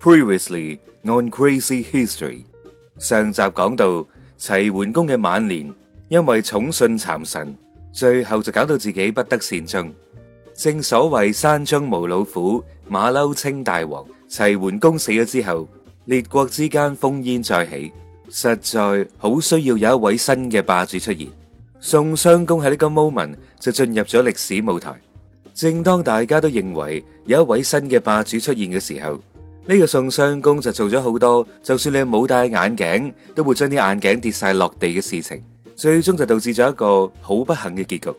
Previously on Crazy History。上集講到，齊桓公嘅晚年，因為寵信讒臣，最後就搞到自己不得善終。正所謂山中無老虎，馬騮稱大王，齊桓公死咗之後，列國之間烽煙再起，實在好需要有一位新嘅霸主出現。宋襄公喺呢個 moment 就進入咗歷史舞台。正當大家都認為有一位新嘅霸主出現嘅時候，呢個宋襄公就做咗好多，就算你冇戴眼鏡，都會將啲眼鏡跌晒落地嘅事情，最終就導致咗一個好不幸嘅結局。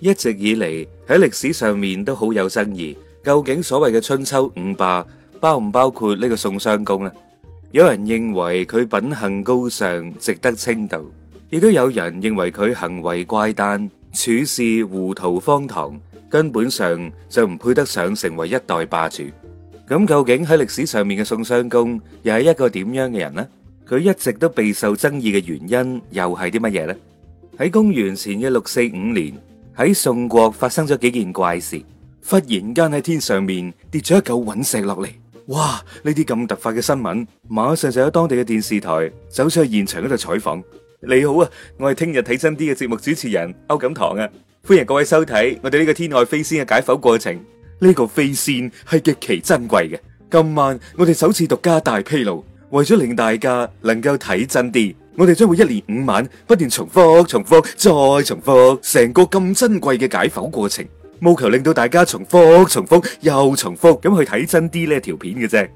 一直以嚟喺歷史上面都好有爭議，究竟所謂嘅春秋五霸包唔包括呢個宋襄公呢？有人認為佢品行高尚，值得稱道；亦都有人認為佢行為怪誕，處事糊塗荒唐，根本上就唔配得上成為一代霸主。咁究竟喺歷史上面嘅宋襄公又係一個點樣嘅人呢？佢一直都備受爭議嘅原因又係啲乜嘢呢？喺公元前嘅六四五年，喺宋國發生咗幾件怪事，忽然間喺天上面跌咗一嚿隕石落嚟。哇！呢啲咁突發嘅新聞，馬上就喺當地嘅電視台走出去現場嗰度採訪。你好啊，我係聽日睇真啲嘅節目主持人歐錦棠啊，歡迎各位收睇我哋呢個天外飛仙嘅解剖過程。呢個飛線係極其珍貴嘅，今晚我哋首次獨家大披露，為咗令大家能夠睇真啲，我哋將會一連五晚不斷重複、重複、再重複，成個咁珍貴嘅解剖過程，務求令到大家重複、重複、又重複，咁去睇真啲呢條片嘅啫。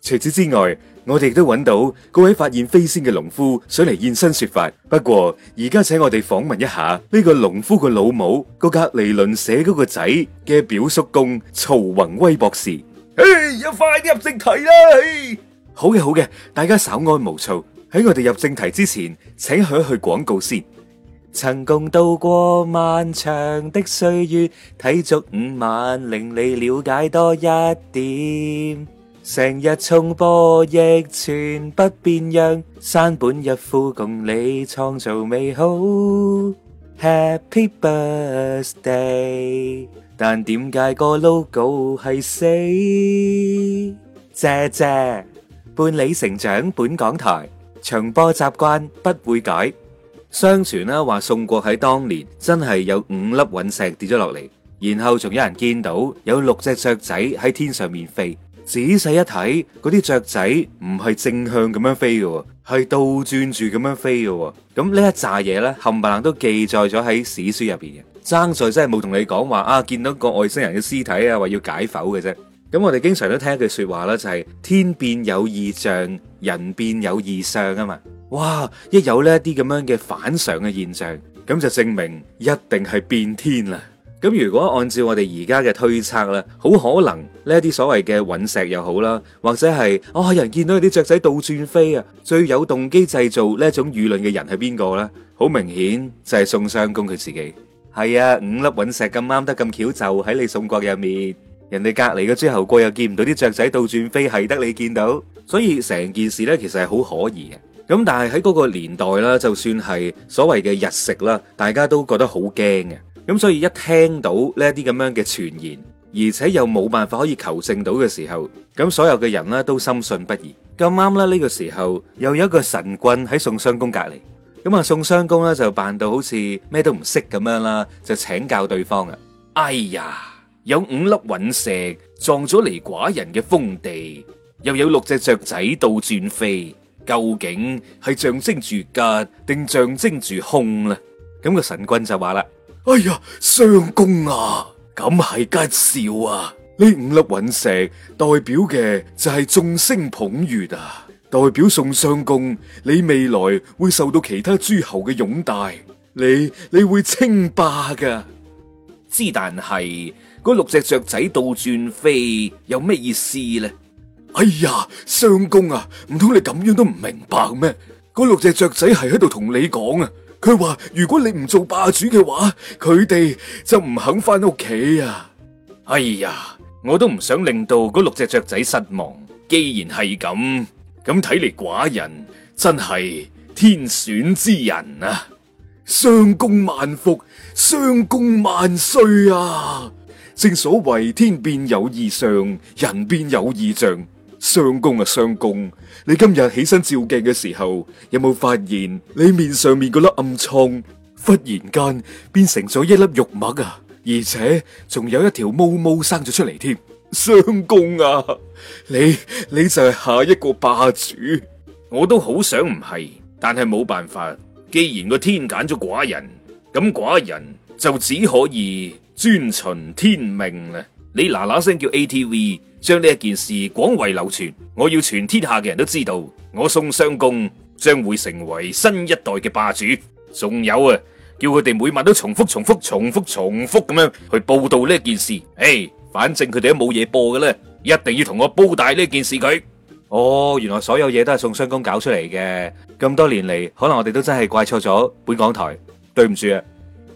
除此之外，我哋亦都搵到嗰位發現飛仙嘅農夫上嚟現身說法。不過而家請我哋訪問一下呢個農夫嘅老母，個隔籬鄰舍、嗰個仔嘅表叔公曹宏威博士。嘿，要快啲入正題啦！好嘅，好嘅，大家稍安勿躁。喺我哋入正題之前，請去一去廣告先。曾共度過漫長的歲月，睇足五晚，令你了解多一點。成日重播亦全不變樣，山本日富共你創造美好 Happy Birthday，但點解個 logo 係死？謝謝伴你成長，本港台長播習慣不會改。相傳啦話，宋國喺當年真係有五粒隕石跌咗落嚟，然後仲有人見到有六隻雀仔喺天上面飛。仔細一睇，嗰啲雀仔唔係正向咁樣飛嘅，係倒轉住咁樣飛嘅。咁呢一扎嘢呢？冚唪唥都記載咗喺史書入邊嘅。爭在真係冇同你講話啊，見到個外星人嘅屍體啊，話要解剖嘅啫。咁我哋經常都聽一句說話啦，就係、是、天變有異象，人變有異相啊嘛。哇！一有呢啲咁樣嘅反常嘅現象，咁就證明一定係變天啦。咁如果按照我哋而家嘅推測啦，好可能呢一啲所謂嘅隕石又好啦，或者係啊人見到啲雀仔倒轉飛啊，最有動機製造呢一種輿論嘅人係邊個咧？好明顯就係宋襄公佢自己。係啊，五粒隕石咁啱得咁巧就喺你宋國入面，人哋隔離嘅諸侯國又見唔到啲雀仔倒轉飛，係得你見到，所以成件事咧其實係好可疑嘅。咁但係喺嗰個年代啦，就算係所謂嘅日食啦，大家都覺得好驚嘅。咁所以一聽到呢一啲咁樣嘅傳言，而且又冇辦法可以求證到嘅時候，咁所有嘅人呢都深信不疑。咁啱呢，呢個時候又有一個神棍喺宋襄公隔離，咁啊宋襄公呢就扮到好似咩都唔識咁樣啦，就請教對方啊。哎呀，有五粒隕石撞咗嚟寡人嘅封地，又有六隻雀仔倒轉飛，究竟係象徵住吉定象徵住空呢？咁個神棍就話啦。哎呀，相公啊，咁係吉兆啊！呢五粒隕石代表嘅就係眾星捧月啊，代表宋相公你未來會受到其他諸侯嘅擁戴，你你會稱霸噶。之但係嗰六隻雀仔倒轉飛有咩意思呢？哎呀，相公啊，唔通你咁樣都唔明白咩？嗰六隻雀仔係喺度同你講啊！佢話：如果你唔做霸主嘅話，佢哋就唔肯返屋企啊。哎呀，我都唔想令到嗰六隻雀仔失望。既然係咁，咁睇嚟寡人真係天選之人啊！襄公萬福，襄公萬歲啊！正所謂天變有異象，人變有異象。相公啊，相公，你今日起身照鏡嘅時候，有冇發現你面上面嗰粒暗瘡忽然間變成咗一粒肉麥啊？而且仲有一條毛毛生咗出嚟添。相公啊，你你就係下一個霸主。我都好想唔係，但係冇辦法，既然個天揀咗寡人，咁寡人就只可以遵循天命啦。你嗱嗱聲叫 ATV。將呢件事廣為流傳，我要全天下嘅人都知道，我宋襄公將會成為新一代嘅霸主。仲有啊，叫佢哋每晚都重複、重複、重複、重複咁樣去報道呢件事。誒、哎，反正佢哋都冇嘢播嘅咧，一定要同我煲大呢件事佢。哦，原來所有嘢都係宋襄公搞出嚟嘅。咁多年嚟，可能我哋都真係怪錯咗本港台，對唔住啊。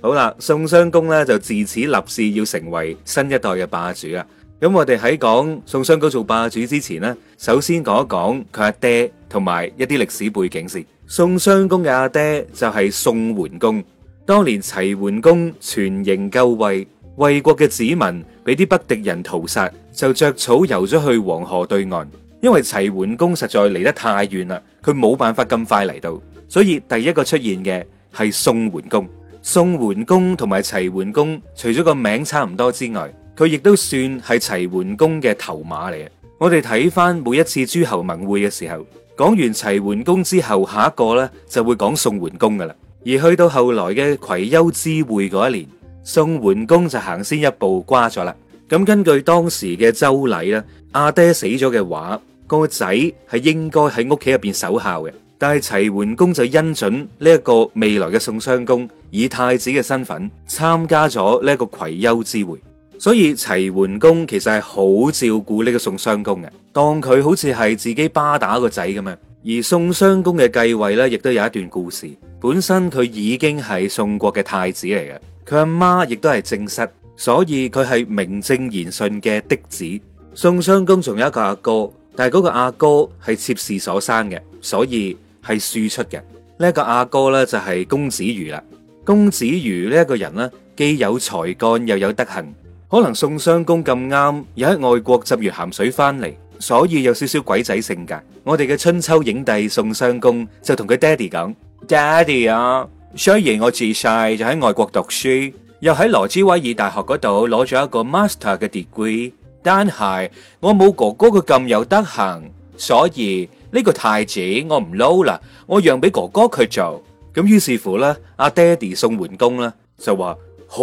好啦，宋襄公呢，就自此立誓要成為新一代嘅霸主啦。咁我哋喺講宋襄公做霸主之前呢，首先講一講佢阿爹同埋一啲歷史背景先。宋襄公嘅阿爹，爹就係宋桓公。當年齊桓公存邢救衛，衛國嘅子民俾啲北狄人屠殺，就著草游咗去黃河對岸，因為齊桓公實在離得太遠啦，佢冇辦法咁快嚟到，所以第一個出現嘅係宋桓公。宋桓公同埋齊桓公，除咗個名差唔多之外，佢亦都算係齊桓公嘅頭馬嚟，我哋睇翻每一次諸侯盟會嘅時候，講完齊桓公之後，下一個呢就會講宋桓公噶啦。而去到後來嘅葵丘之會嗰一年，宋桓公就行先一步瓜咗啦。咁根據當時嘅周禮咧，阿爹死咗嘅話，個仔係應該喺屋企入邊守孝嘅，但係齊桓公就恩准呢一個未來嘅宋襄公以太子嘅身份參加咗呢一個葵丘之會。所以齊桓公其實係好照顧呢個宋襄公嘅，當佢好似係自己巴打個仔咁樣。而宋襄公嘅繼位咧，亦都有一段故事。本身佢已經係宋國嘅太子嚟嘅，佢阿媽亦都係正室，所以佢係名正言順嘅嫡子。宋襄公仲有一個阿哥、哥，但係嗰個阿哥係妾侍所生嘅，所以係庶出嘅。這個、哥哥呢一個阿哥咧就係、是、公子魚啦。公子魚呢一個人呢，既有才幹又有德行。可能宋襄公咁啱又喺外國浸完咸水翻嚟，所以有少少鬼仔性格。我哋嘅春秋影帝宋襄公就同佢爹哋講，爹哋啊，雖然我自細就喺外國讀書，又喺羅茲威爾大學嗰度攞咗一個 master 嘅 degree，但係我冇哥哥佢咁有得行，所以呢個太子我唔撈啦，我讓俾哥哥佢做。咁於是乎咧，阿爹哋宋桓公咧就話好，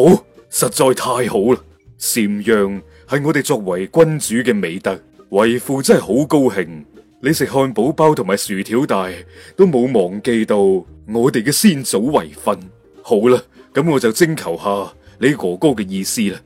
實在太好啦。禪讓係我哋作為君主嘅美德，為父真係好高興。你食漢堡包同埋薯條大都冇忘記到我哋嘅先祖遺訓。好啦，咁我就徵求下你哥哥嘅意思啦。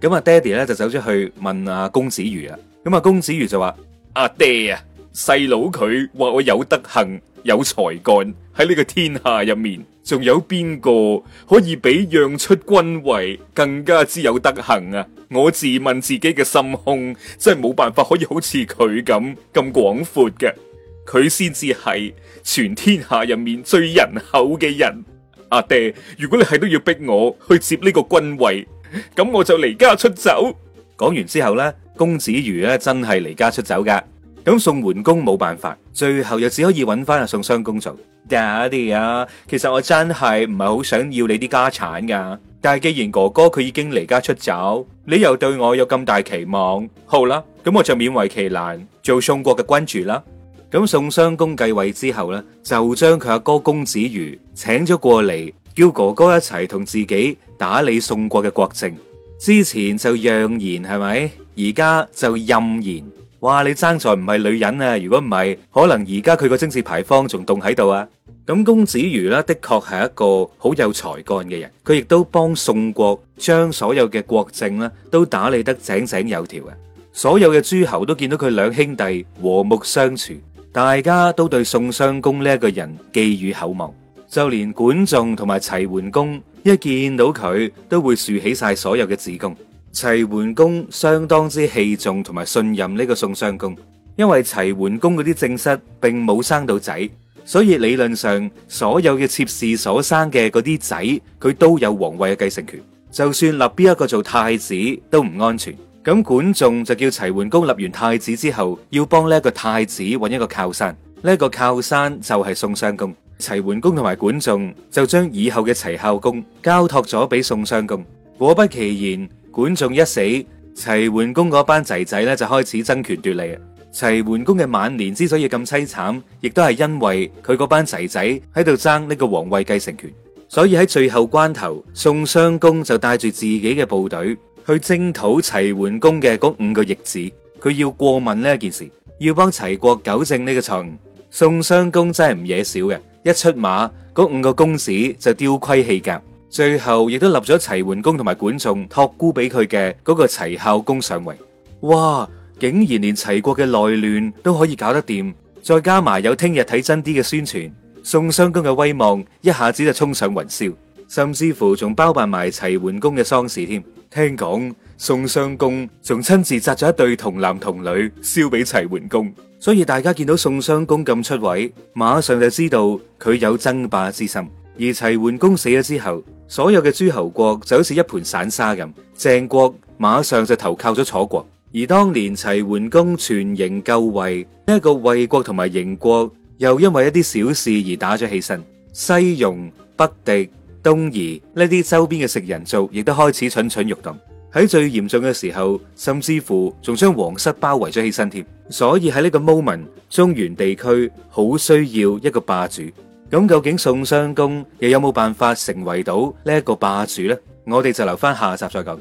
咁、嗯啊，嗯、啊，爹哋咧就走咗去問阿公子瑜啦。咁啊，公子瑜就話：阿爹啊，細佬佢話我有德行。有才幹，喺呢個天下入面，仲有邊個可以比讓出君位更加之有德行啊？我自問自己嘅心胸真係冇辦法可以好似佢咁咁廣闊嘅，佢先至係全天下入面最仁厚嘅人。阿爹，如果你係都要逼我去接呢個君位，咁我就離家出走。講完之後咧，公子瑜咧真係離家出走噶。咁宋桓公冇辦法，最後又只可以揾翻阿宋襄公做。Daddy 啊，其實我真係唔係好想要你啲家產噶，但係既然哥哥佢已經離家出走，你又對我有咁大期望，好啦，咁我就勉為其難做宋國嘅君主啦。咁宋襄公繼位之後呢，就將佢阿哥公子瑜請咗過嚟，叫哥哥一齊同自己打理宋國嘅國政。之前就讓賢係咪？而家就任賢。哇！你爭才唔係女人啊！如果唔係，可能而家佢個貞節牌坊仲棟喺度啊！咁公子瑜呢，的確係一個好有才幹嘅人，佢亦都幫宋國將所有嘅國政呢都打理得井井有條嘅。所有嘅諸侯都見到佢兩兄弟和睦相處，大家都對宋襄公呢一個人寄予厚望，就連管仲同埋齊桓公一見到佢都會豎起晒所有嘅指公。齊桓公相當之器重同埋信任呢個宋襄公。因為齊桓公嗰啲正室並冇生到仔，所以理論上所有嘅妾侍所生嘅嗰啲仔，佢都有皇位嘅繼承權。就算立邊一個做太子都唔安全。咁管仲就叫齊桓公立完太子之後，要幫呢一個太子揾一個靠山。呢個靠山就係宋襄公。齊桓公同埋管仲就將以後嘅齊孝公交託咗俾宋襄公。果不其然。管仲一死，齊桓公嗰班仔仔咧就開始爭權奪利啊！齊桓公嘅晚年之所以咁淒慘，亦都係因為佢嗰班仔仔喺度爭呢個皇位繼承權。所以喺最後關頭，宋襄公就帶住自己嘅部隊去征討齊桓公嘅嗰五個逆子，佢要過問呢一件事，要幫齊國糾正呢個錯誤。宋襄公真係唔惹少嘅，一出馬，嗰五個公子就丟盔棄甲。最後亦都立咗齊桓公同埋管仲託孤俾佢嘅嗰個齊孝公上位，哇！竟然連齊國嘅內亂都可以搞得掂，再加埋有聽日睇真啲嘅宣傳，宋襄公嘅威望一下子就衝上雲霄，甚至乎仲包辦埋齊桓公嘅喪事添。聽講宋襄公仲親自紮咗一對童男童女燒俾齊桓公，所以大家見到宋襄公咁出位，馬上就知道佢有爭霸之心。而齊桓公死咗之後，所有嘅諸侯國就好似一盤散沙咁。鄭國馬上就投靠咗楚國，而當年齊桓公全營救衛呢一個衛國同埋營國，又因為一啲小事而打咗起身。西戎、北狄、東夷呢啲周邊嘅食人族，亦都開始蠢蠢欲動。喺最嚴重嘅時候，甚至乎仲將皇室包圍咗起身添。所以喺呢個 moment 中原地區，好需要一個霸主。咁究竟宋襄公又有冇辦法成為到呢一個霸主呢？我哋就留翻下集再講。